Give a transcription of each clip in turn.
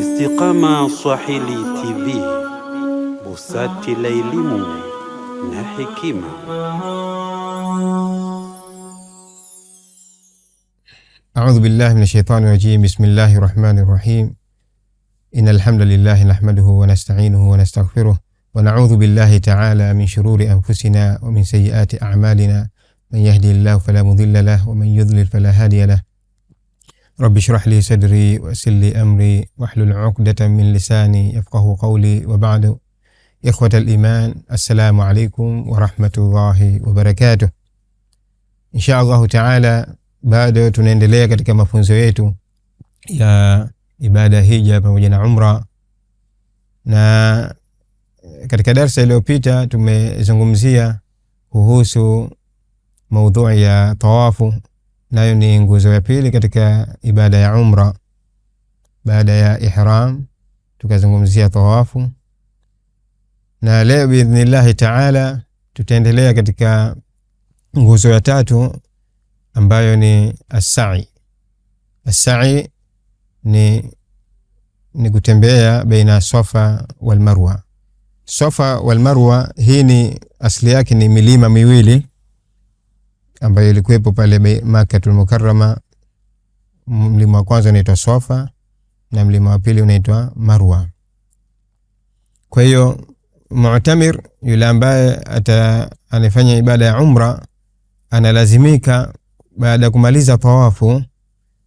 Istiqama Swahili TV, busati la elimu na hekima. A'udhu billahi minash shaitani rajim. Bismillahir rahmanir rahim. Innal hamdalillah nahmaduhu wa nasta'inuhu wa nastaghfiruh wa na'udhu billahi ta'ala min shururi anfusina wa min sayyiati a'malina. Man yahdihillahu fala mudilla lahu wa man yudlil fala hadiya lahu. Rabbi shrah li sadri waysir li amri wahlul uqdatan min lisani yafqahu qawli wa ba'du. Ikhwata al-iman, assalamu alaikum wa rahmatullahi Insha Allahu taala, bado tunaendelea katika mafunzo yetu ya ibada hija pamoja na umra, na katika darsa iliyopita tumezungumzia kuhusu maudhui ya tawafu nayo ni nguzo ya pili katika ibada ya umra. Baada ya ihram, tukazungumzia tawafu, na leo biidhnillahi taala tutaendelea katika nguzo ya tatu ambayo ni assai. Assai ni, ni kutembea baina Safa wal Marwa. Safa wal Marwa hii ni asili yake ni milima miwili ambayo ilikuwepo pale Makkatul Mukarrama. Mlima wa kwanza unaitwa Swafa na mlima wa pili unaitwa Marwa. Kwa hiyo mu'tamir yule ambaye anafanya ibada ya umra analazimika baada ya kumaliza tawafu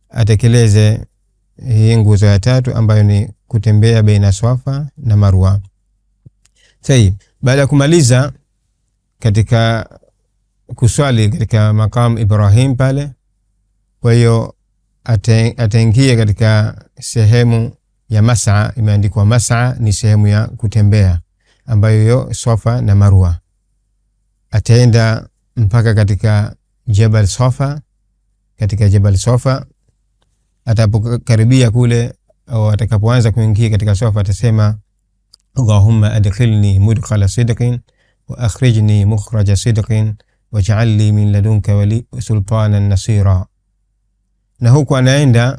atekeleze hii nguzo ya tatu ambayo ni kutembea baina Swafa na Marwa. Sahi, baada ya kumaliza katika kuswali katika makamu Ibrahim pale. Kwa hiyo ataingia katika sehemu ya masaa, imeandikwa masaa ni sehemu ya kutembea ambayo yo sofa na Marwa, ataenda mpaka katika Jabal sofa Katika Jabal Safa atapokaribia kule au atakapoanza kuingia katika sofa atasema Allahumma adkhilni mudkhala sidqin wa akhrijni mukhraja sidqin واجعل لي من لدنك ولي سلطانا نصيرا نهوك أنا عند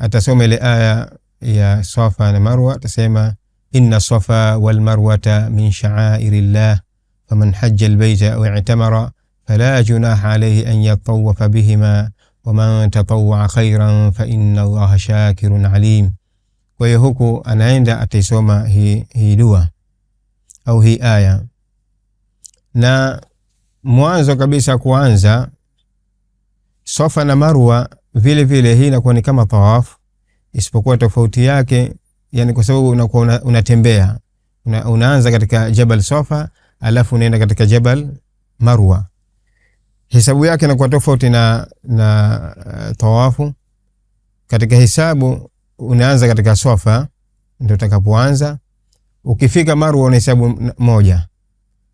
أتسوم لآية يا صفا مروة تسمى إن الصفا والمروة من شعائر الله فمن حج البيت أو اعتمر فلا جناح عليه أن يطوف بهما ومن تطوع خيرا فإن الله شاكر عليم ويهوك أنا عند أتسوم هي, هي دوا أو هي آية na mwanzo kabisa kuanza Safa na Marwa vile vile, hii inakuwa ni kama tawafu, isipokuwa tofauti yake yani, kwa sababu unakuwa unatembea una, unaanza katika Jabal Safa alafu unaenda katika Jabal Marwa, hisabu yake inakuwa tofauti na, na uh, tawafu. Katika hisabu unaanza katika Safa ndio utakapoanza, ukifika Marwa unahesabu moja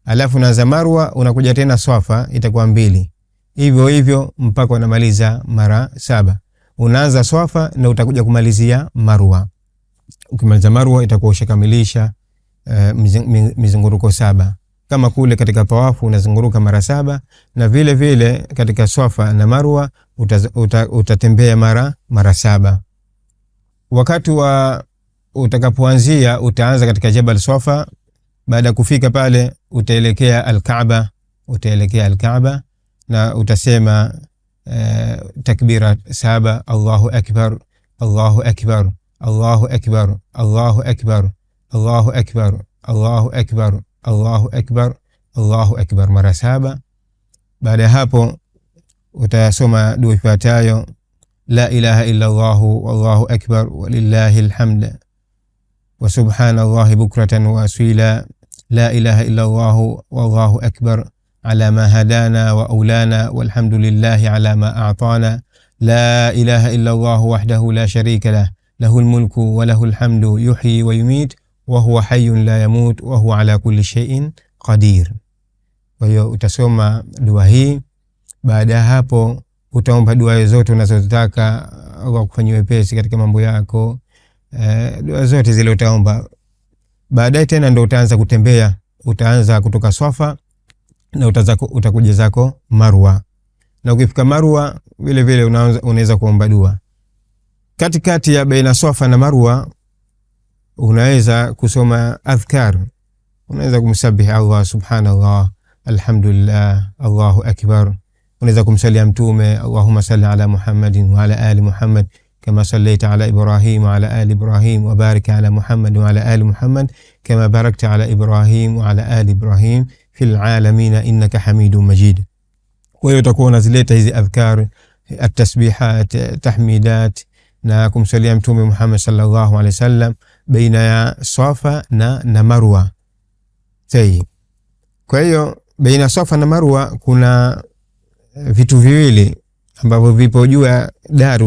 alafu unaanza Marwa, unakuja tena Swafa, itakuwa mbili, hivyo hivyo mpaka unamaliza mara saba. Unaanza Swafa na utakuja kumalizia Marwa. Ukimaliza Marwa itakuwa ushakamilisha uh, mizunguruko saba kama kule katika tawafu unazunguruka mara saba na vile vile katika Swafa na Marwa uta, uta, utatembea mara mara saba. Wakati wa utakapoanzia utaanza katika Jabal Swafa Baada ya kufika pale utaelekea Alkaaba, utaelekea Alkaaba na utasema eh, takbira saba, Allahu akbar, Allahu akbar, Allahu akbar, Allahu akbar, Allahu akbar, Allahu akbar, Allahu akbar, Allahu akbar mara saba. Baada ya hapo utasoma dua ifuatayo la ilaha illa allahu wallahu akbar walillahi alhamd وسبحان الله بكرة وأسيلا لا إله إلا الله والله أكبر على ما هدانا وأولانا والحمد لله على ما أعطانا لا إله إلا الله وحده لا شريك له له الملك وله الحمد يحيي ويميت وهو حي لا يموت وهو على كل شيء قدير Kwa hiyo utasoma dua hii. utaomba dua zote unazotaka Allah katika mambo yako. dua eh, zote zile utaomba. Baadaye tena ndo utaanza kutembea, utaanza kutoka Swafa na utakuja zako Marwa, na ukifika Marwa vile vile unaweza kuomba dua. Katikati ya baina Swafa na Marwa unaweza kusoma adhkar, unaweza kumsabihi Allah subhanallah, alhamdulillah, Allahu akbar. Unaweza kumsalia Mtume, Allahumma salli ala Muhammadin wa ala ali Muhammad كما صليت على إبراهيم وعلى آل إبراهيم وبارك على محمد وعلى آل محمد كما باركت على إبراهيم وعلى آل إبراهيم في العالمين إنك حميد مجيد ويتكون زليت هذه أذكار التسبيحات تحميدات ناكم سليم تومي محمد صلى الله عليه وسلم بين صفا نمروة تي كويو بين صفا نمروة كنا في تفيلي ambavyo vipo juu ya dari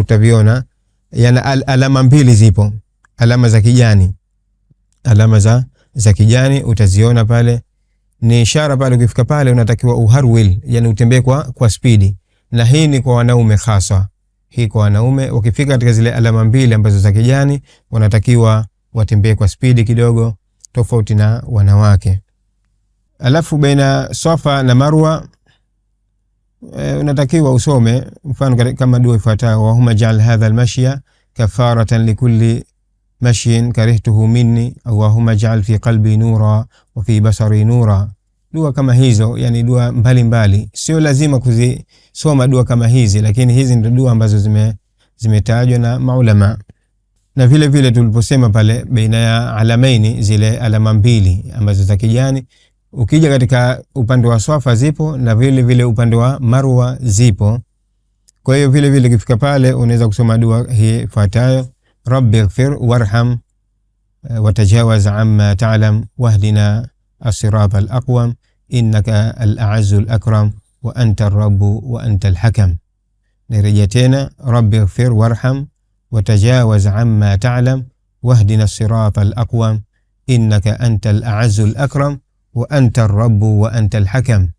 yana al alama mbili zipo, alama za kijani, alama za za kijani utaziona pale, ni ishara pale. Ukifika pale unatakiwa uharwil, yani utembee kwa kwa spidi, na hii ni kwa wanaume hasa, hii kwa wanaume. Ukifika katika zile alama mbili ambazo za kijani, wanatakiwa watembee kwa spidi kidogo, tofauti na wanawake. Alafu baina Safa na Marwa e, unatakiwa usome mfano kama dua ifuatayo: wahuma jaal hadha almashya kafaratan likulli mashyin karihtuhu minni au wahuma jaal fi qalbi nura wa fi basari nura. Dua kama hizo, yani dua mbalimbali, sio lazima kuzisoma dua kama hizi, lakini hizi ndio dua ambazo zime zimetajwa na maulama na vile vile tuliposema pale baina ya alamaini, zile alama mbili ambazo za kijani Ukija katika upande wa Swafa zipo na vile vile upande wa Marwa zipo. Kwa hiyo vile vile ukifika pale unaweza kusoma dua hii ifuatayo: Rabbi ighfir warham eh, watajawaz amma ta'lam wahdina as-sirata al-aqwam innaka al-a'izzu al-akram wa anta ar-rabbu wa anta al-hakam. Nirejea tena: Rabbi ighfir warham watajawaz amma ta'lam wahdina as-sirata al-aqwam innaka anta al-a'izzu al-akram wa anta rabbu wa anta alhakam.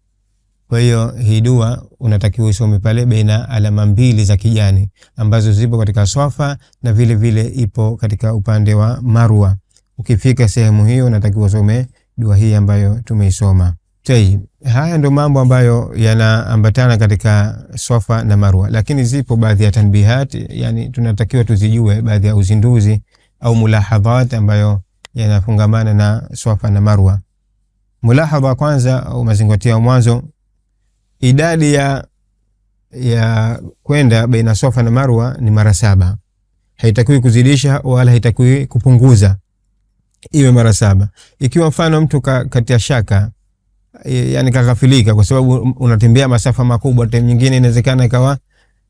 Kwa hiyo hii dua unatakiwa usome pale baina alama mbili za kijani ambazo zipo katika Swafa na vile vile ipo katika upande wa Marwa. Ukifika sehemu hiyo unatakiwa usome dua hii ambayo tumeisoma. Tayib, haya ndio mambo ambayo yanaambatana katika Swafa na Marwa, lakini zipo baadhi ya tanbihat, yani tunatakiwa tuzijue baadhi ya uzinduzi au mulahadhat ambayo yanafungamana na Swafa na Marwa mulahadha kwanza au mazingatio ya mwanzo, idadi ya ya kwenda baina Sofa na Marwa ni mara saba, haitakiwi kuzidisha wala haitakiwi kupunguza, iwe mara saba. Ikiwa mfano mtu ka, katia shaka, yani kaghafilika, kwa sababu unatembea masafa makubwa, time nyingine inawezekana ikawa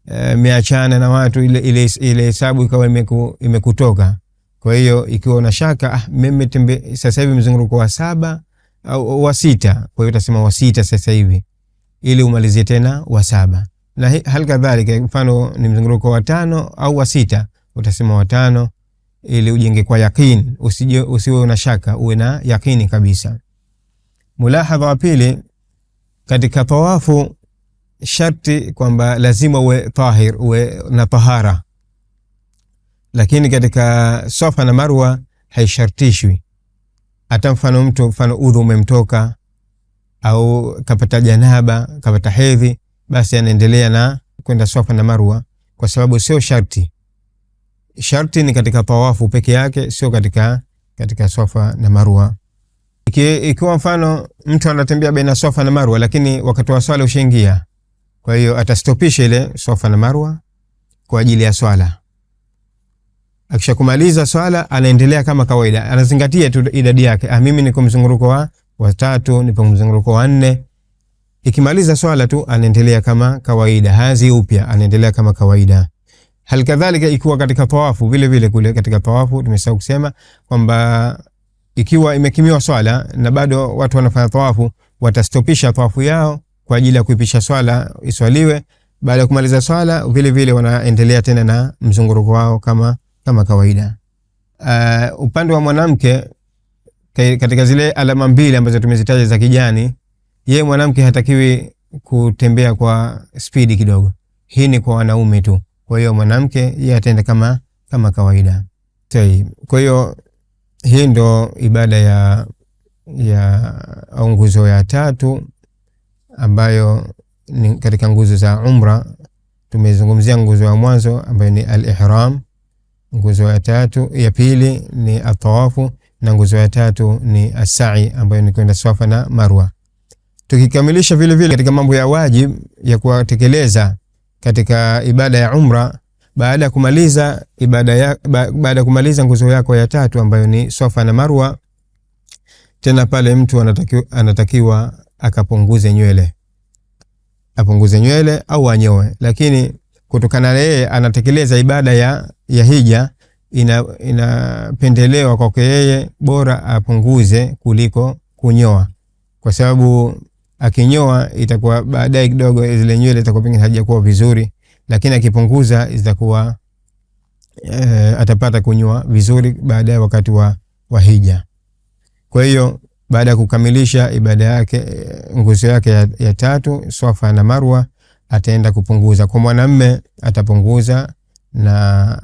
e, eh, meachana na watu, ile ile ile hesabu ikawa imeku, imekutoka. Kwa hiyo ikiwa una shaka ah, mimi tembe sasa hivi mzunguruko wa saba au wa sita, kwa hiyo utasema wa sita sasa hivi ili umalizie tena wa saba, na hali kadhalika. Mfano ni mzunguruko wa tano au wa sita, utasema wa tano ili ujenge kwa yakini, usije usiwe na shaka, uwe na yakini kabisa. Mulahadha wa pili katika tawafu, sharti kwamba lazima uwe tahir, uwe na tahara, lakini katika Safa na Marwa haishartishwi hata mfano mtu mfano udhu umemtoka au kapata janaba, kapata hedhi, basi anaendelea na kwenda Swafa na Marwa, kwa sababu sio sharti. Sharti ni katika tawafu peke yake, sio katika katika Swafa na Marwa. Ikiwa mfano mtu anatembea baina Swafa na Marwa, lakini wakati wa swala ushaingia, kwa hiyo atastopisha ile Swafa na Marwa kwa ajili ya swala akishakumaliza swala anaendelea kama kawaida, anazingatia tu idadi yake. Ah, mimi niko mzunguruko wa watatu, nipo mzunguruko wa nne. Ikimaliza swala tu anaendelea kama kawaida, hazi upya, anaendelea kama kawaida. Hal kadhalika ikiwa katika tawafu vile vile, kule katika tawafu tumesahau kusema kwamba ikiwa imekimiwa swala na bado watu wanafanya tawafu, watastopisha tawafu yao kwa ajili ya kuipisha swala iswaliwe. Baada ya kumaliza swala vile vile wanaendelea tena na mzunguruko wao kama kama kawaida. Uh, upande wa mwanamke katika zile alama mbili ambazo tumezitaja za kijani, yeye mwanamke hatakiwi kutembea kwa spidi kidogo. Hii ni kwa wanaume tu. Kwa hiyo mwanamke yeye ataenda kama kama kawaida. Kwa hiyo hii ndo ibada ya ya au nguzo ya tatu ambayo ni katika nguzo za umra. Tumezungumzia nguzo ya mwanzo ambayo ni al-ihram Nguzo ya tatu ya pili ni atawafu na nguzo ya tatu ni asai ambayo ni kwenda Swafa na Marwa. Tukikamilisha vile vile katika mambo ya wajib ya kuwatekeleza katika ibada ya umra baada ya kumaliza ibada ya baada ya kumaliza nguzo yako ya tatu ambayo ni Swafa na Marwa, tena pale mtu anatakiwa, anatakiwa akapunguze nywele apunguze nywele au anyoe, lakini kutokana na yeye anatekeleza ibada ya, ya hija inapendelewa ina kwake yeye, bora apunguze kuliko kunyoa, kwa sababu akinyoa itakuwa baadaye kidogo zile nywele itakuwa pengine hajakuwa vizuri, lakini akipunguza zitakuwa e, atapata kunyoa vizuri baadaye wakati wa, wa hija. Kwa hiyo baada ya kukamilisha ibada yake eh, nguzo yake ya, ya tatu Swafa na Marwa ataenda kupunguza. Kwa mwanamme atapunguza na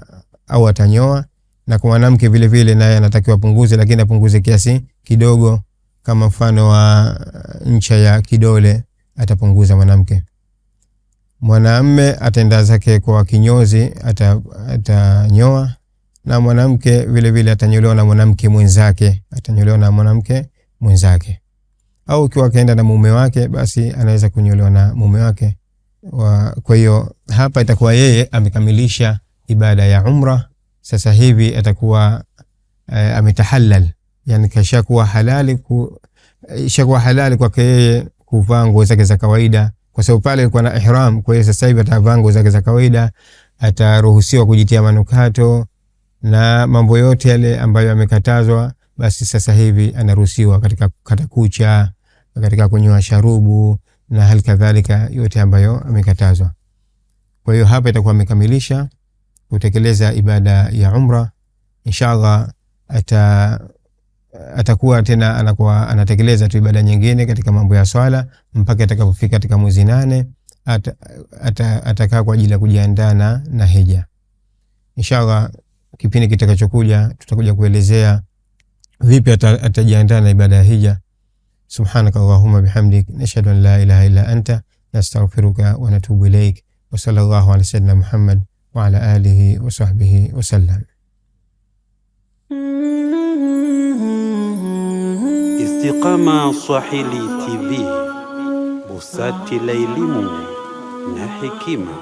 au atanyoa, na kwa mwanamke vile vile naye anatakiwa apunguze, lakini apunguze kiasi kidogo, kama mfano wa uh, ncha ya kidole atapunguza mwanamke. Mwanamme ataenda zake kwa kinyozi, atanyoa ata na mwanamke vile vile atanyolewa na mwanamke mwenzake, atanyolewa na mwanamke mwenzake, au ukiwa akaenda na mume wake, basi anaweza kunyolewa na mume wake wa, Kwa hiyo hapa itakuwa yeye amekamilisha ibada ya umra. Sasa hivi atakuwa e, eh, ametahalal, yani kashakuwa halali ku, ishakuwa halali kwake yeye kuvaa nguo zake za kawaida, kwa sababu pale alikuwa na ihram. Kwa hiyo sasa hivi atavaa nguo zake za kawaida, ataruhusiwa kujitia manukato na mambo yote yale ambayo amekatazwa, basi sasa hivi anaruhusiwa katika kukata kucha, katika kunywa sharubu na hali kadhalika yote ambayo amekatazwa. Kwa hiyo hapa itakuwa amekamilisha kutekeleza ibada ya umra. Insha Allah ata atakuwa tena anakuwa anatekeleza tu ibada nyingine katika mambo ya swala mpaka atakapofika katika mwezi nane ata, ata, atakaa kwa ajili ya kujiandaa na na hija. Inshallah kipindi kitakachokuja tutakuja kuelezea vipi atajiandaa na ibada ya hija. سبحانك اللهم بحمدك نشهد أن لا إله إلا أنت نستغفرك ونتوب إليك وصلى الله على سيدنا محمد وعلى آله وصحبه وسلم استقام صحيلي تي في بصات elimu na hekima.